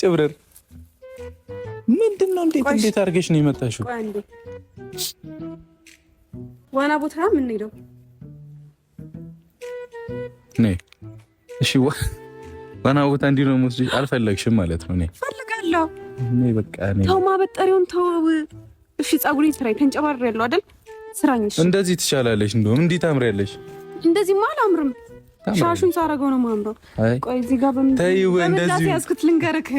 ጭብርር ምንድን ነው? እንዴት እንዴት አድርገሽ ነው የመጣሽው? ዋና ቦታ ምን ሄደው? እሺ ዋና ቦታ እንዲህ ነው የምወስድሽ። አልፈለግሽም ማለት ነው? ፈልጋለሁ። በቃ ተው፣ ማበጠሪውን ተው። እሺ ፀጉሬን ስራኝ። ተንጨባር ያለው አይደል? ስራኝ። እንደዚህ ትሻላለሽ። እንደውም እንዲህ ታምሪያለሽ። እንደዚህማ አላምርም ሻሹን ሳረገው ነው ማምረው። ቆይ እዚህ ጋር በምንዳት ያዝኩት ልንገርክ።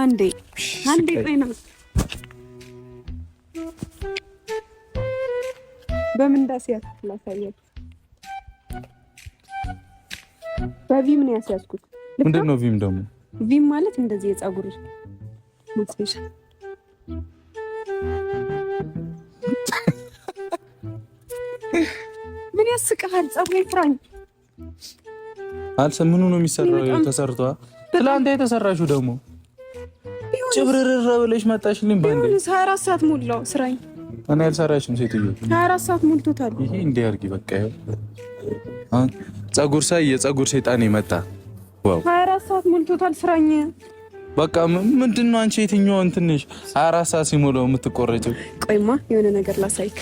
አንዴ አንዴ ቆይ ነው በምንዳት ያዝኩት ላሳየት። በቪም ነው ያስያዝኩት። ምንድን ነው ቪም? ደግሞ ቪም ማለት እንደዚህ የፀጉር ማስያዣ ምን ያስቅሃል? ፀጉሬ ፍራኝ አልሰ ምኑ ነው የሚሰራው? ተሰርቷ ትላንት የተሰራሹ ደግሞ ጭብርርር ብለሽ መጣሽልኝ። ባንዴ 24 ሰዓት ሞላው ስራኝ። እኔ አልሰራሽም ሴትዮ፣ 24 ሰዓት ሞልቶታል። ይሄ እንዲህ አድርጊ በቃ። አሁን ፀጉር ሳይ የፀጉር ሰይጣን የመጣ ዋው፣ 24 ሰዓት ሞልቶታል ስራኝ። በቃ ምንድነው አንቺ የትኛው እንትንሽ 24 ሰዓት ሲሞላው የምትቆረጭው? ቆይማ የሆነ ነገር ላሳይክ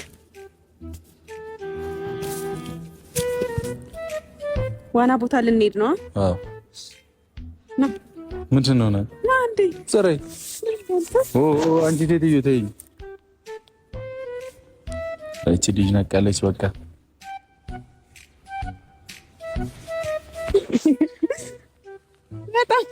ዋና ቦታ ልንሄድ ነው። ምንድን ነው አንቺ ሴትዮ ተይኝ። እቺ ልጅ ነቃለች። በቃ በጣም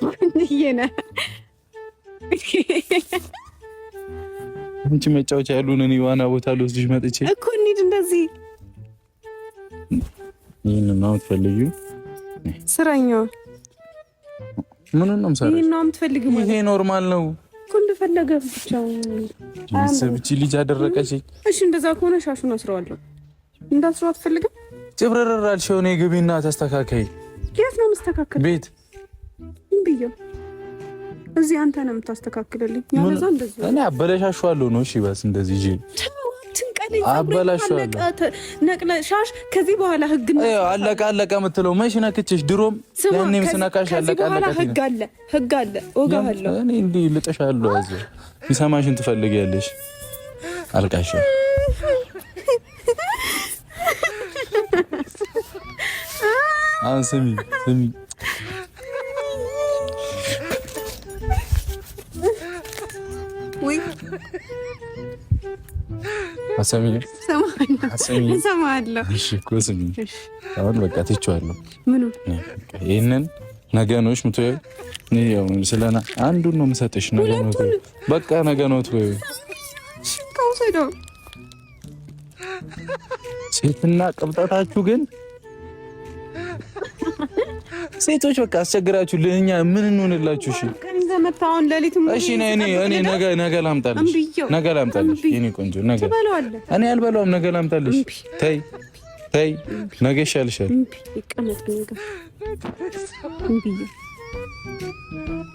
አንቺ መጫወቻ ያሉን እኔ ዋና ቦታ ልወስድሽ መጥቼ እኮ እንሂድ እንደዚህ ይህን ነው የምትፈልጊው? ስራኛዋ ምን ነው የምትፈልጊው? ይሄ ኖርማል ነው እኮ እንደፈለገ ብቻው ሰብቺ ልጅ አደረቀሽ። እሺ እንደዛ ከሆነ ሻሹን አስረዋለሁ። እንዳስረው አትፈልግም? ጭብረረራል ሸሆነ ግቢና ተስተካከይ። የት ነው የምስተካከል? ቤት እንብየው። እዚህ አንተ ነው የምታስተካክልልኝ። ያለዛ እንደዚህ እኔ አበለሻሸዋለሁ ነው። እሺ በስ እንደዚህ ነቅለ ሻሽ ከዚህ በኋላ ህግ አለቀ አለቀ የምትለው መች ነክችሽ? ድሮም ያኔም ስነካሽ አለቀ አለቀ። ህግ አለ ህግ አለ ወጋለሁ ትፈልጊያለሽ። አልቃሽ አሁን ስሚ ስሚ ወይ አሁን በቃ ትቼዋለሁ። ይህንን ነገኖች ስለና አንዱን ነው የምሰጥሽ። ነገኖት በቃ ነገኖት ወይ ሴትና ቅብጠታችሁ ግን ሴቶች በቃ አስቸግራችሁ። ለእኛ ምን እንሆንላችሁ? እሺ ይዘህ መጣህ አሁን ሌሊትም። እሺ እኔ እኔ ነገ ነገ ላምጣልሽ፣ ነገ ላምጣልሽ። የእኔ ቆንጆ ነገ ትበላዋለህ። እኔ አልበለውም ነገ ላምጣልሽ። ተይ ተይ፣ ነገ ይሻልሻል።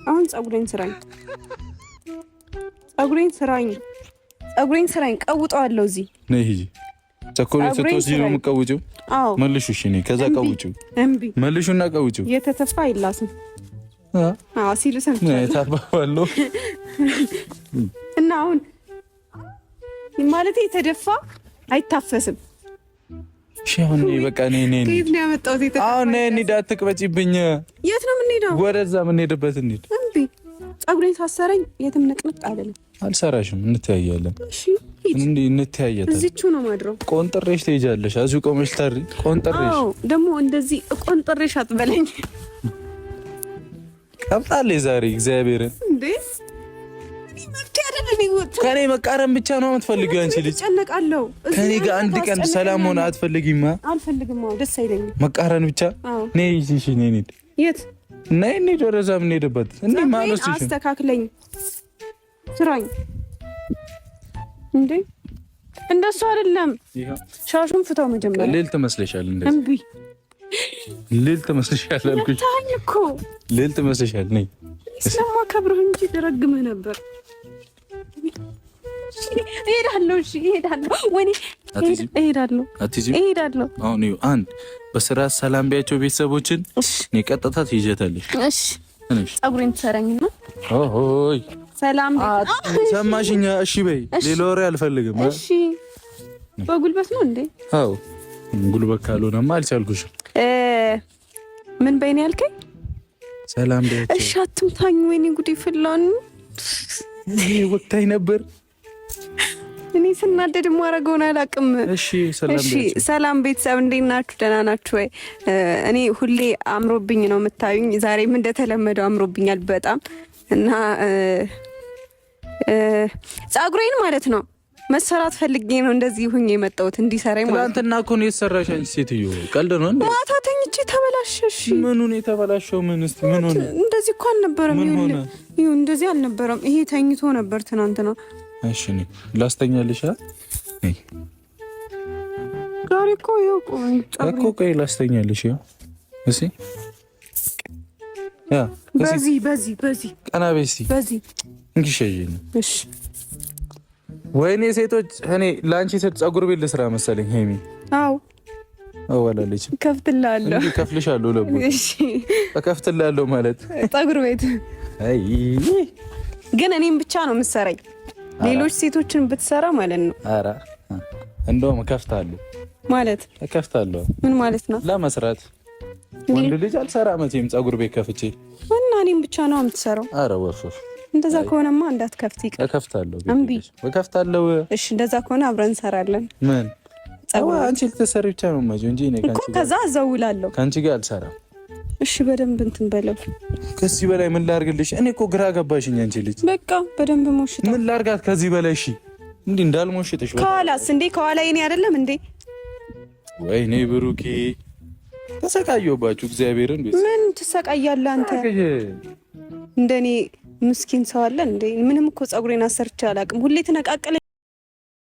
አሁን ፀጉሬን ስራኝ፣ ፀጉሬን ስራኝ፣ ፀጉሬን ስራኝ፣ ቀውጠዋለሁ። እዚህ ነይ ሂጂ ቸኮሌት ስትወስጂ ነው የምትቀውጪው? መልሹ። እሺ እኔ ከዛ ቀውጪው፣ እምቢ መልሹና ቀውጪው። የተተፋ አይላስም ሲሉ ሰምቻለሁ። እና አሁን ማለት የተደፋ አይታፈስም። አሁን በቃ አሁን እንሂድ፣ አትቅበጪብኝ። የት ነው የምንሄደው? ወደዛ የምንሄድበት እንሂድ። ፀጉሬን ሳሰረኝ የትም ንቅንቅ አይደለም። አልሰራሽም፣ እንተያያለን። እንተያያለን። እዚቹ ነው ማድረው። ቆንጥሬሽ ትሄጃለሽ። አዚሁ ቆመሽ ታሪ። ቆንጥሬሽ ደግሞ እንደዚህ ቆንጥሬሽ አጥበለኝ ቀብጣለች ዛሬ እግዚአብሔርን ከኔ መቃረም ብቻ ነው የምትፈልጊው አንቺ ልጅ። ጨነቃለሁ ከኔ ጋር አንድ ቀን ሰላም ሆነ አትፈልጊማ? አልፈልግም። ደስ አይለኝ መቃረን ብቻ። እኔ እሺ፣ እኔ እንሂድ። የት ነይ? እንሂድ እሺ፣ አስተካክለኝ፣ እንዴ አይደለም። ሻሹን ፍታው ልል ተመስሻል አልኩሽ። ታልኩ ልል ተመስሻል ነኝ ስለማ ከብረህ እንጂ ረግምህ ነበር። እሄዳለሁ፣ እሺ እሄዳለሁ፣ ወይኔ እሄዳለሁ፣ እሄዳለሁ። አሁን ይኸው አንድ በስራ ሰላም ቢያቸው ቤተሰቦችን እኔ ቀጥታ ትይዣታለሽ። እሺ ፀጉሬን ትሰረኝ ነው። ኦሆይ ሰላም ሰማሽኛ? እሺ በይ፣ ሌላ ወሬ አልፈልግም። እሺ በጉልበት ነው እንዴ? አዎ ጉልበት ካልሆነማ አልቻልኩሽም። ምን በይን ያልከኝ? ሰላም እሺ፣ አትምታኝ። ወይኔ ጉዴ ፍላን ወቅታይ ነበር። እኔ ስናደድ ማረገውን አላውቅም። እሺ፣ ሰላም ቤተሰብ፣ እንዴት ናችሁ? ደህና ናችሁ ወይ? እኔ ሁሌ አምሮብኝ ነው የምታዩኝ። ዛሬም እንደተለመደው አምሮብኛል በጣም እና ፀጉሬን ማለት ነው መሰራት ፈልጌ ነው እንደዚህ ሁኝ የመጣሁት እንዲሰራኝ ትናንትና እኮ ነው የተሰራሽ አንቺ ሴትዮ፣ ቀልድ ነው እንዴ? ማታ ተኝቼ ተበላሸሽ። ምን የተበላሸው? ምን እስኪ ምን ሆነ? እንደዚህ እኮ አልነበረም። ይኸው እንደዚህ አልነበረም። ይሄ ተኝቶ ነበር ትናንትና። እሺ ላስተኛልሻ። ላስተኛልሽ። ዛሬ እኮ ይኸው ቆይ ላስተኛልሽ። ይኸው እሺ በዚህ በዚህ በዚህ ቀና በይ በዚህ እንግዲህ ሸይኝ እሺ ወይኔ ሴቶች፣ እኔ ለአንቺ ሴት ጸጉር ቤት ልስራ መሰለኝ። ሄሚ አዎ፣ አዋላለች ከፍትላለሁ፣ ከፍልሻለሁ፣ ለቡ ከፍትላለሁ ማለት ጸጉር ቤት። አይ ግን እኔም ብቻ ነው የምትሰራኝ፣ ሌሎች ሴቶችን ብትሰራ ማለት ነው። ኧረ እንደውም ከፍታለሁ ማለት ከፍታለሁ። ምን ማለት ነው? ለመስራት ወንድ ልጅ አልሰራ መቼም ጸጉር ቤት ከፍቼ እና እኔም ብቻ ነው የምትሰራው። ኧረ ወፍፍ እንደዛ ከሆነማ እንዳትከፍት ይቅር። እከፍታለሁ፣ እምቢ እከፍታለሁ። እሺ፣ እንደዛ ከሆነ አብረን እንሰራለን። ምን አንቺ ልትሰሪ ብቻ ነው የማይዘው እንጂ እኔ እኮ ከዛ አዘውላለሁ። ከአንቺ ጋር አልሰራም። እሺ፣ በደንብ እንትን በለው። ከዚህ በላይ ምን ላድርግልሽ? እኔ እኮ ግራ ገባሽኝ። አንቺ ልጅ በቃ በደንብ ሞሽጣ። ምን ላድርጋት ከዚህ በላይ? እሺ፣ እንዲህ እንዳልሞሽጥሽ ከኋላስ እንዴ? ከኋላ እኔ አይደለም እንዴ? ወይኔ ብሩኬ ተሰቃየሁባችሁ። እግዚአብሔርን ምን ትሰቃያለህ አንተ እንደኔ ምስኪን ሰው አለ እንዴ? ምንም እኮ ጸጉሬን አሰርቼ አላውቅም። ሁሌ ተነቃቀለ